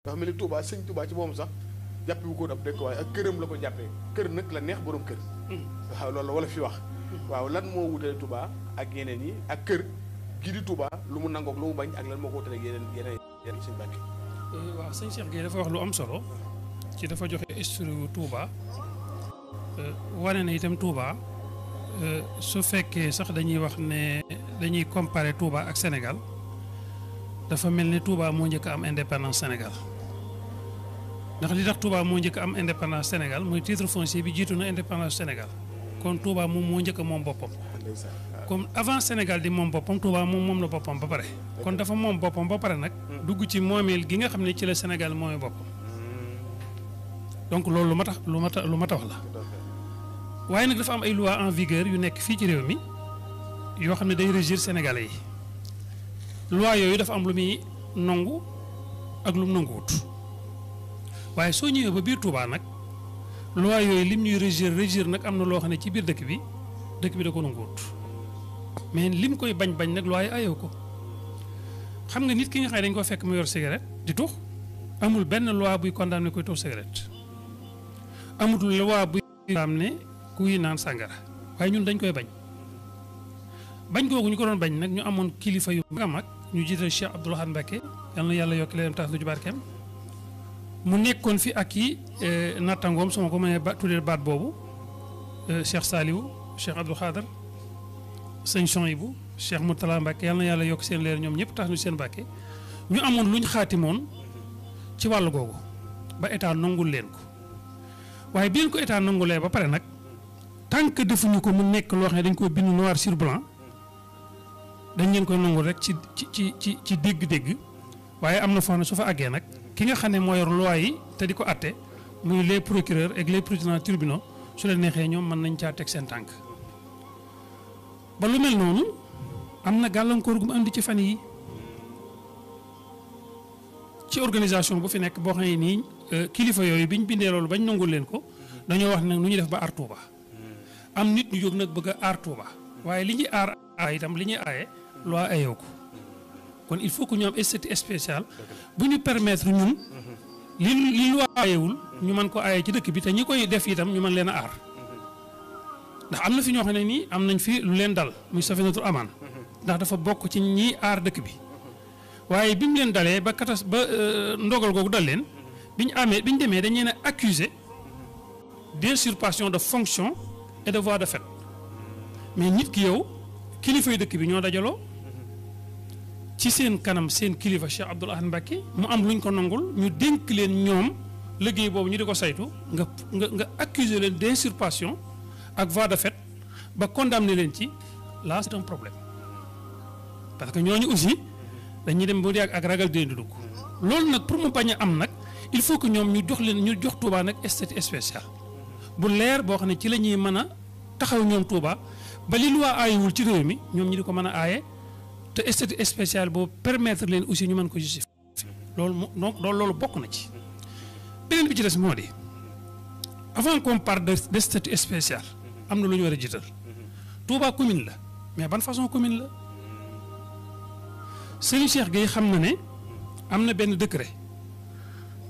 nga xam ne Touba sëñ ci moom sax jàppewu wu ko ab dëkkuwaay ak këram la ko jàppee kër nag la neex boroom kër hmm. waaw loolu la wala fi wax hmm. waaw lan moo wutale Touba ak yeneen yi ak kër gii di Touba lu mu nangoog lu mu bañ ak lan moo ko wutale yeneen yeneen yeneen sëñ Mbàkke eh, waaw sëñ Cheikh Gueye dafa wax lu am solo ci dafa joxe histoire Touba eh, wane na itam tuuba eh, su fekkee sax dañuy wax ne dañuy comparer Touba ak Sénégal dafa mel ni Touba moo njëkk am indépendance Sénégal ndax li tax Touba moo njëkk am indépendance Sénégal mooy titre foncier bi jiitu na indépendance Sénégal kon Touba moom moo njëkk moom boppam. comme avant Sénégal di moom boppam Touba moom moom la boppam ba pare. kon dafa moom boppam ba pare nag. dugg ci moomeel gi nga xam ne ci la Sénégal mooy boppam. donc loolu ma tax lu ma tax lu ma tax la. waaye nag dafa am ay loi en vigueur yu nekk fii ci réew mi yoo xam ne day régir sénégalais yi. loi yooyu dafa am lu muy nangu ak lu mu nanguwut waaye soo ñëwee ba biir Touba nag loi yooyu lim ñuy régir régir nag am na loo xam ne ci biir dëkk bi dëkk bi da ko nanguwut mais lim koy bañ bañ nag loi yi ayoo ko xam nga nit ki nga xam ne dañ ko fekk mu yor cigarette di tux amul benn loi buy condamné koy tux cigarette amul loi buy condamné kuy naan sàngara waaye ñun dañ koy bañ. bañ googu ñu ko doon bañ nag ñu amoon kilifa yu mag a ñu jiital Cheikh Abdoul Ahad Mbacké yal na yàlla yokk leen taas nu ci mu nekkoon fi ak i eh, nattangoom su ma ko mënee ba baat boobu eh, Cheikh Saliou Cheikh Abdou Khader sëñ Chouaïbou Cheikh Moutala Mbacké yàlla yokk seen leer ñoom ñëpp tax nu seen Mbacké ñu amoon lu ñu moon ci wàll googu ba état nangul leen ko waaye bi leen ko état nangulee ba pare nag tant que defuñu ko mu nekk loo xam ne dañ koo bind noir sur blanc. dañ leen koy nangul rek ci ci ci ci dégg-dégg waaye am na foo ne su fa àggee nag ki nga xam ne moo yor loi yi te di ko atte muy les procureurs ak les présidents tribunaux su leen neexee ñoom mën nañ caa teg seen tànk ba lu mel noonu am na gàllankoor gu mu andi ci fan yi ci organisation bu fi nekk boo xam ne nii euh, kilifa yooyu biñ bindee loolu bañ nangul leen ko dañoo wax ne nag nu ñu def ba aar ba hmm. am nit ñu jóg nag bëgg a ba waaye li ñuy aar. aay itam li ñuy aaye loi ayoo ko kon il faut que ñu am statut spécial bu ñu permettre ñun li li loi aayewul ñu man ko aaye ci dëkk bi te ñi koy def itam ñu mën leen a aar ndax am na fi ñoo xam ne nii am nañ fi lu leen dal muy safinatul amaan ndax dafa bokk ci ñi aar dëkk bi waaye bi mu leen dalee ba katas ba euh, ndogal googu dal leen bi ñu amee bi ñu demee dañ leen a accusé d'usurpation de fonction et de voie de fait mais nit ki yow kilifay dëkk bi ñoo dajaloo ci seen kanam seen kilifa Cheikh Abdoul Ahad Mbacké mu am luñ ko nangul ñu dénk leen ñoom liggéey boobu ñu di ko saytu nga nga nga accuser leen d'usurpation ak voie de fait ba condamné leen ci là c'est un problème parce que ñooñu aussi dañuy dem ba ak ak ragal dinañ dugg loolu nag pour mu bañ am nag il faut que ñoom ñu jox leen ñu jox Touba nag statut spécial bu leer boo xam ne ci la ñuy mën a taxaw ñoom Touba. ba li loi aayewul ci réew mi ñoom ñi di ko mën a aaye te statut spécial boobu permettre leen aussi ñu mën ko justifier loolu moo donc loolu bokk na ci beneen bi ci des moo di avant comme parle de statut spécial am na lu ñu war a jiital Touba commune la mais ban façon commune la Serigne Cheikh gi xam na ne am na benn décret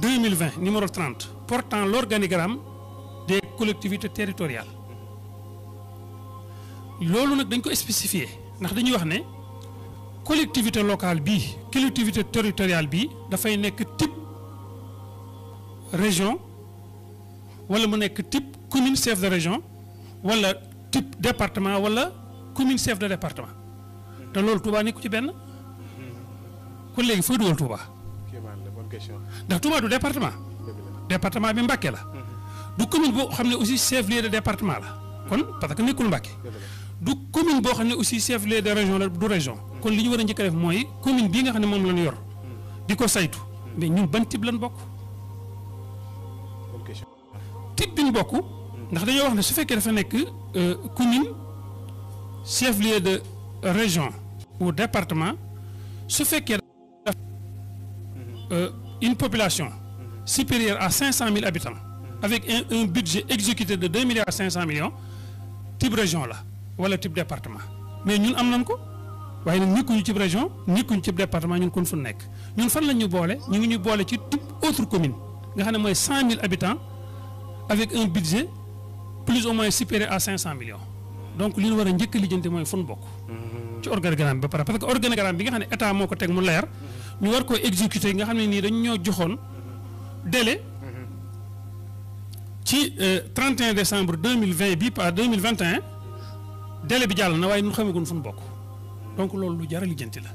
2020 numéro 30 portant l'organigramme des collectivité territoriales loolu nag dañ ko spécifier ndax dañuy wax ne collectivité locale bii collectivité territoriale bi dafay nekk type région wala mu nekk type commune chef de région wala type département wala commune chef de département te loolu Touba nekku ci benn kon léegi fooy dugal Touba ndax Touba du département département bi Mbacké la du commune boo xam ne aussi chef lieu de département la kon parce que nekkul Mbacké du commune boo xam ne aussi chef lieu de région la du région. kon li ñu war a njëkk def mooy commune bi nga xam ne moom la ñu yor. di ko saytu. mais ñun ban type lañ bokk. type bi bokk. ndax dañoo wax ne su fekkee dafa nekk euh, commune chef lieu de région. ou département su fekkee dafa euh, une population. supérieure à cent mille habitants. avec un un budget exécuté de deux milliards 500 million type région la. wala type département mais ñun am nañ ko waaye nag nekkuñu ci région nekkuñu ci département ñun kon fu nekk ñun fan la ñu boole ñu ngi ñu boole ci toute autre commune nga xam ne mooy 100000 habitants avec un budget plus ou moins supérieur à 500 millions donc li ñu war a njëkk a mooy fu ñu bokk. Mm-hmm. ci organigramme bi ba pare parce que organigramme bi nga xam ne état moo ko teg mu leer. ñu war koo exécuter nga xam ne nii dañu ñoo joxoon délai. Mm-hmm. ci 31 euh, décembre 2020 bii par 2021. délai bi jàll na waaye ñun xamaguñ fu ñu bokk donc loolu lu jara a lijjanti la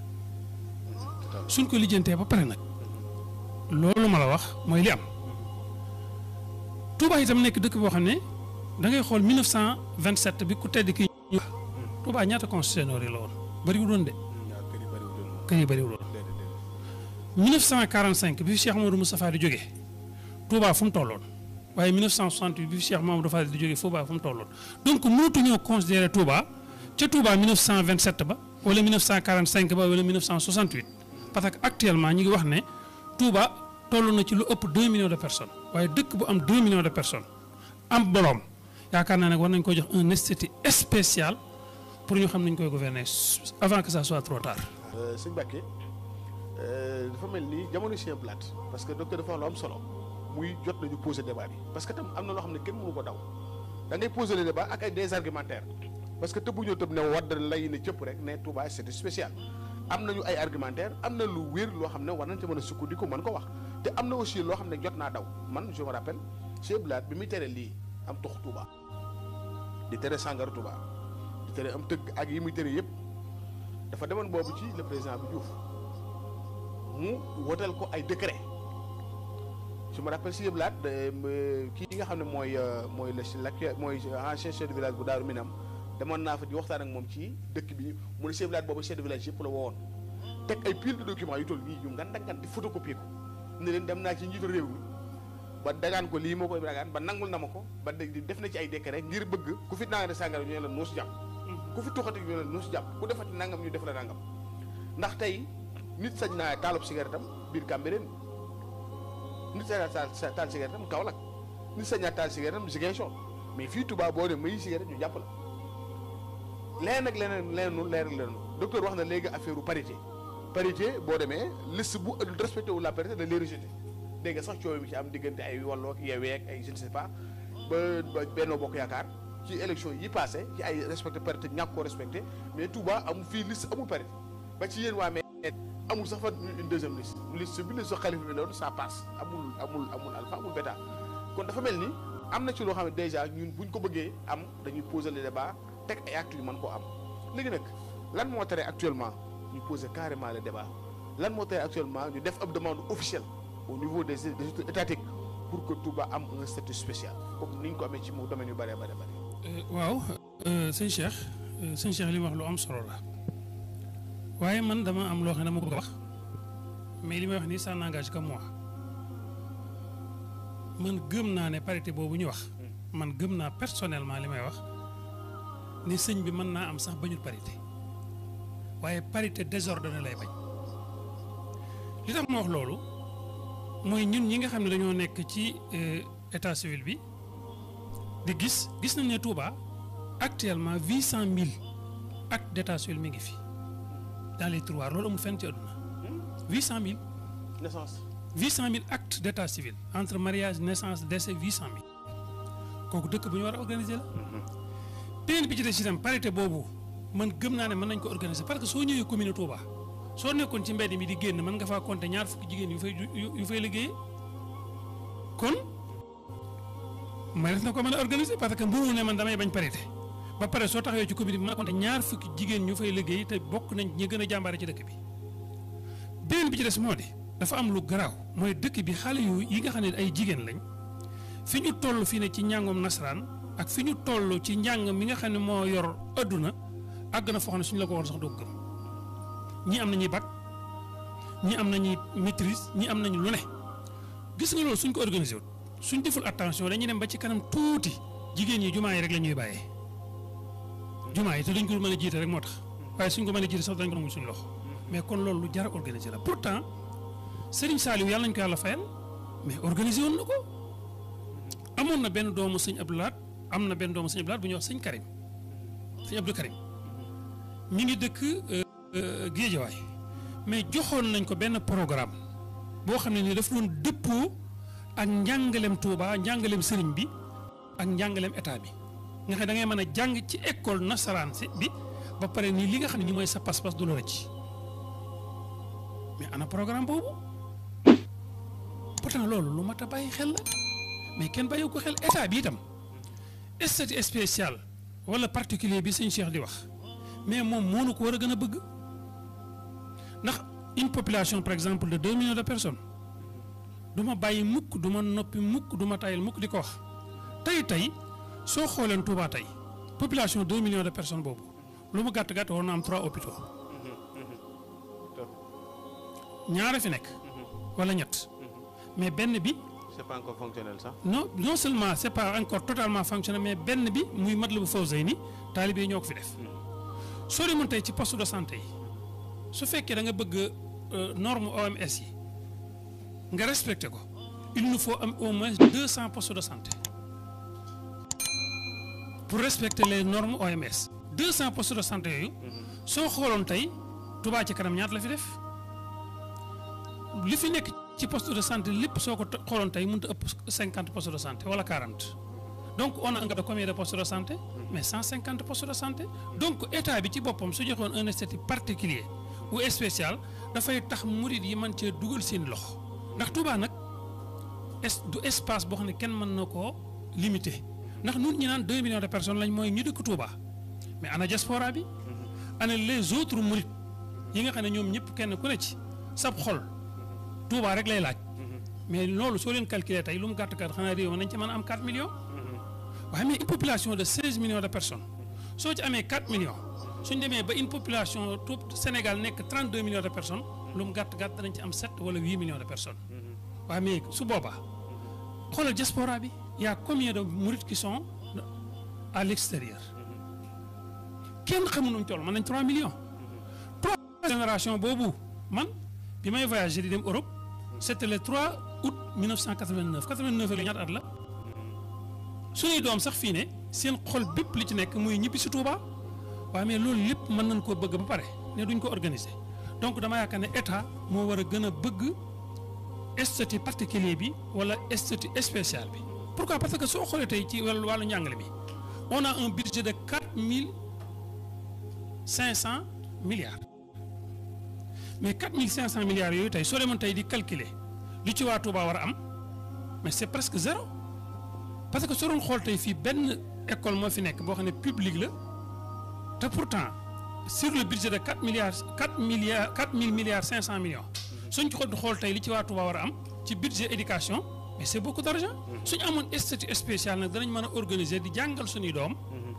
suñ ko lijjantee ba pare nag loolu ma la wax mooy li am yi tam nekk dëkk boo xam ne da ngay xool 1927 bi ku tedd ki ñu Touba ñaata concessionnaire yi la woon bëriwul woon de. kër yi bëriwul woon. 1945 bi Cheikh Amadou Moustapha di jógee Touba fu mu tolloon. waaye 1968 bi Cheikh Mamadou Fadil di jógee Fouba fu mu tolloon donc mënatuñoo considérer Touba ca Touba 1927 ba wala 1945 ba wala 1968 parce que actuellement ñu ngi wax ne Touba toll na ci lu ëpp 2 millions de personnes waaye dëkk bu am 2 millions de personnes am boroom yaakaar naa ne war nañ ko jox un statut spécial pour ñu xam nañ koy gouverner avant que ça soit trop tard. Euh, sëñ Bakke euh, dafa mel ni jamono si plat parce que docteur dafa lu am solo. muy jot nañu poser débat bi parce que tam am na loo xam ne kenn mënu ko daw da ngay poser le débat ak ay des argumentaires parce que tëbbu ñoo tëb ne wadd lay ne cëpp rek ne Touba c'est spécial am nañu ay argumentaire am na lu wér loo xam ne war nañ ci mën a sukkandiku mën ko wax te am na aussi loo xam ne jot naa daw man je me rappelle Cheikh Blaat bi muy tere lii am tox Touba di tere sàngara Touba di tere am tëgg ak yi muy tere yëpp dafa demoon boobu ci le président bi mu wotal ko ay décret je me rappelle si yëpp laat euh, kii nga xam ne mooy euh, mooy la mooy ancien chef de village bu Daaru Minam demoon naa fa di waxtaan ak moom ci dëkk bi mu ne chef de village boobu chef de village yëpp la woowoon teg ay pile de documents yu toll leen dem naa ci njiitu réew mi ko lii moo koy dagaan ba nangul na ma ko ba def na ci ay décret ngir bëgg ku fi nangam ne sàngara ñu ne la jàpp ku fi tuxati ñu ne la jàpp ku defati nangam ñu def la nangam ndax tey nit sañ naa taalub cigarette am biir Cambérène nit sañaa taal taal cigarette am Kaolack nit sañaa taal cigarette am Ziguinchor mais fii Touba boo dem muy cigarette ñu jàpp la leneen ak leneen leneen leneen leneen docteur wax na léegi affaire parité parité boo demee liste bu respecté wu la parité da lay rejeté dégg nga sax coow bi ci am diggante ay Wallu ak Yewwi ak ay je ne sais pas ba Benno Bokk Yaakaar ci élection yi passé ci ay respecté parité ñàkk koo respecté mais Touba amul fii liste amul parité ba ci yéen waa mais amul sax fa une deuxième liste liste bi liste xalifa bi loolu ça passe amul amul alpha amul bêta kon dafa mel ni am na ci loo xam ne déjà ñun buñ ko bëggee am dañuy poser le débat teg ay actes yu mën koo am léegi nag lan moo tere actuellement ñu poser carrément le débat lan moo actuellement ñu def ab demande officielle au niveau des des autorités étatiques pour que Touba am un statut spécial comme ni ñu ko amee ci mu domaine yu bëree bëri bëri. Euh, waaw euh, sëñ Cheikh euh, sëñ Cheikh li wax lu am solo la. waaye man dama am loo xam ne dama ko wax mais li may wax nii ça n'engage que moi man gëm naa ne parité boobu ñu wax. man gëm naa personnellement li may wax ni sëñ bi mën naa am sax bañul parité waaye parité désordonnée lay bañ li tax ma wax loolu mooy ñun ñi nga xam ne dañoo nekk ci euh, état civil bi di gis gis nañ ne Touba actuellement huit cent mille actes d'état mi ngi fi. dans les tiroirs loolu amul fenn ci àdduna. 800000. naissance. 800000 actes d' état civil entre mariage naissance décès 800000. kooku dëkk bu ñu war a organiser la. Mm-hmm. beneen bi ci des itam parité boobu man gëm naa ne mën nañ ko organiser parce que soo ñëwee commune Touba soo nekkoon ci mbedd mi di génn mën nga faa compter ñaar fukki jigéen yu fay yu fay liggéeyee kon. ma def na ko mën a organiser parce que mbuuru ne man damay bañ parité. ba pare soo taxawee ci comité bi mën a ñaar fukki jigéen ñu fay liggéey te bokk nañ ñi gën a jàmbaare ci dëkk bi beneen bi ci des moo de dafa am lu garaaw mooy dëkk bi xale yu yi nga xam ne ay jigéen lañ fi ñu toll fii ne ci njàngum nasaraan ak fi ñu toll ci njàng mi nga xam ne moo yor adduna àgg na foo ne suñu la ko war sax doo gëm ñii am na nañuy bac ñi am nañuy maîtrise ñi am nañu lu ne gis nga loolu suñ ko organisé wut suñ deful attention dañuy dem ba ci kanam tuuti jigéen yi jumaa yi rek la ñuy bàyyee. jumaa yi te duñ ko mën a jiite rek moo tax waaye suñ ko mën a jiite sax dañ ko nangu suñu loxo mais kon loolu lu jar a organiser la pourtant Serigne Saliou yàlla nañ ko yàlla fayal mais organiser woon na ko amoon na benn doomu sëñ Abdou am na benn doomu sëñ Abdou Lahat bu ñuy wax sëñ Karim sëñ Abdou Karim mi ngi dëkk euh, euh, Géejawaay mais joxoon nañ ko benn programme boo xam ne ni daf doon dëppoo ak njàngalem Touba njàngaleem sëriñ bi ak njàngalem état bi nga xam da ngay mën a jàng ci école nasaraan si bi ba pare ni li nga xam ne ñi mooy sa pas-pas du la rëcc mais ana programme boobu pourtant loolu lu mat a bàyyi xel la mais kenn bàyyi ko xel état bi itam statut spécial wala particulier bi sëñ Cheikh di wax mais moom moo nu ko war a gën a bëgg ndax une population par exemple de deux millions de personnes du ma bàyyi mukk du ma noppi mukk du ma tayal mukk di ko wax tey tey soo xooleen Touba tey population 2 millions de personnes boobu lu mu gàtt gàtt war na am 3 hôpitaux ñaara fi nekk. wala ñett. mais benn bi. c'est pas encore fonctionnel sax. non non seulement c'est pas encore totalement fonctionnel mais benn bi muy Matlaboul Fawzayni taalibe yi ñoo ko fi def. soo demoon tey ci post de santé yi su fekkee da nga bëgg euh, norme OMS yi nga respecté ko il nous faut am au moins 200 postes de santé. pour respecter le norme OMS. 200 postes de santé yooyu. Mhm. soo xooloon tey tubaa ci kanam ñaat la fi def li fi nekk ci poste de santé lépp soo ko xooloon tey mënut a ëpp 50 postes de santé wala 40. donc on a un gap de combien de postes de santé mhm. mais 150 postes de santé mhm. donc état bi ci boppam su joxoon un statut particulier ou spécial dafay tax murid yi man cee dugal seen loxo ndax Touba nag es du espace boo xam ne kenn mën na koo limité. ndax ñun ñu naan 2 millions de personnes lañ mooy ñu dëkk Touba mais ana diaspora bi. ana les autres murit yi nga xam ne ñoom ñëpp kenn ku ne ci sab xol Touba rek lay laaj. mais loolu soo leen calculer tey lu mu gàtt gàtt xanaa réew mi nañ ci mën a am 4 millions. de 16 soo ci amee 4 millions suñ ba une population tout Sénégal nekk 32 millions de personnes lu mu gàtt gàtt danañ ci am 7 wala 8 millions de personnes. Mm-hmm. waaye mais su boobaa xoolal diaspora bi. yaa y a combien de mourides à l'extérieur kenn xamu nuñ toll mën nañ 3 millions. trois génération boobu man bi may voyager di dem Europe c'était le 3 août 1989 89 la ñaata at la suñuy doom sax fii ne seen xol bépp li ci nekk muy ñibbi si Touba waaye mais loolu lépp mën nañ koo bëgg ba pare ne duñ ko organiser donc dama yaakaar ne état moo war a gën a bëgg statut particulier bi wala statut spécial bi. pourquoi parce que soo xoolee ci wàllu wàllu njàngale mi on a un budget de quatre mille cinq cent milliards mais quatre mille cinq cent milliards yooyu tey soo demoon tey di calculer lu ci waa Touba war a am mais c'est presque zéro parce que soo xool tey fii benn école moo fi nekk boo xam ne publique la te pourtant sur le budget de quatre milliards quatre milliards quatre mille milliards cinq cent millions suñ ci xool tey li ci waa Touba war a am ci budget éducation. mais c' est beaucoup d' argent. Mhm. suñu amoon statut spécial nag danañ mën a organiser di jàngal suñuy doom. Mhm.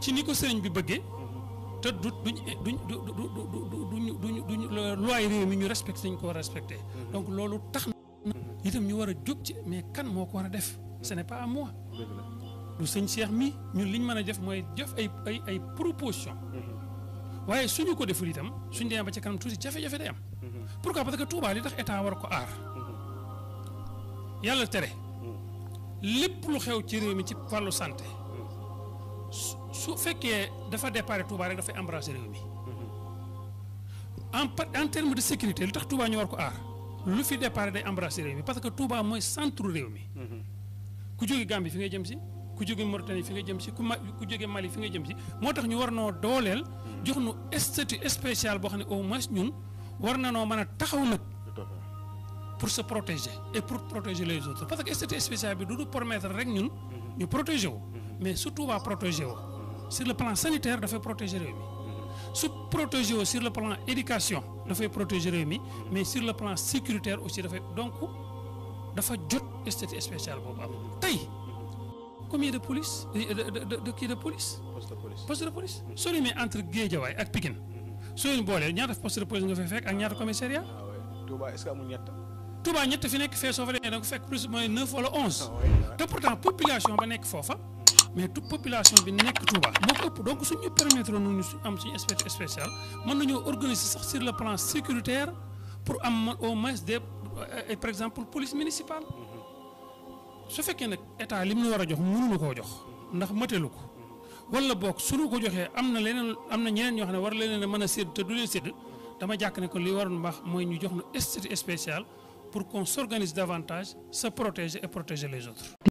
ci ni ko sëriñ bi bëggee. Mhm. te du duñ duñ du du du du du loi réew mi ñu respecté nañ ko war a respecté. loolu tax itam ñu war a jóg ci mais kan moo ko war a def. ce n'est pas à du sëñ Cheikh mi ñun li ñu mën a def mooy def ay ay ay proposition waaye suñu ko deful itam suñu demee ba ci kanam tuuti jafe-jafe day am. pourquoi parce que Touba li tax état war ko aar. yàlla tere lépp lu xew ci réew mi ci wàllu santé su fekkee dafa déparé Touba rek dafay embrasser réew mi en en terme de sécurité lu tax Touba ñu war ko aar lu fi déparé day embrasser réew mi parce que Touba mooy centre réew mi. ku jóge Gambie fi ngay jëm si ku jóge Mauritanie fi nga jëm si ku ma ku jóge Mali fi nga jëm si moo tax ñu war noo dooleel. jox nu statut spécial boo xam ne au moins ñun war na noo mën a taxaw nag. pour sa protéger et pour protéger les autres parce que statut spécial bi du ñu permettre rek ñun ñu protéger wu mais surtout waa protéger wu sur le plan sanitaire dafay protéger réew mi su protéger wu sur le plan éducation dafay protéger réew mi mais sur le plan sécuritaire aussi dafay donc dafa jot statut spécial boobu am tey combien de police de de kii de police. poste de police poste de police. soo demee entre Guédiawaye ak Pikine soo leen boolee ñaata poste de police nga ak ñaata commissariat. waaw ah Touba est-ce que Touba ñett fi nekk fee soo fa demee da fekk plus mooy ah population ba nekk foofa mais toute population bi nekk Touba moo ko ëpp donc suñu permettre ñu suñ am suñu aspect spécial mën nañoo organiser sax sur le plan sécuritaire pour am au moins des euh, par exemple police municipale mm-hmm. su fekkee nag état li mu war a jox mënuñu koo jox ndax matelu ko wala boog suñu ko joxee am na leneen am na ñeneen ñoo xam ne war leneen mën a sédd te du leen sédd dama jàkk ne ko li waroon baax mooy ñu jox nu statut spécial pour qu'on s'organise davantage, se protéger et protéger les autres.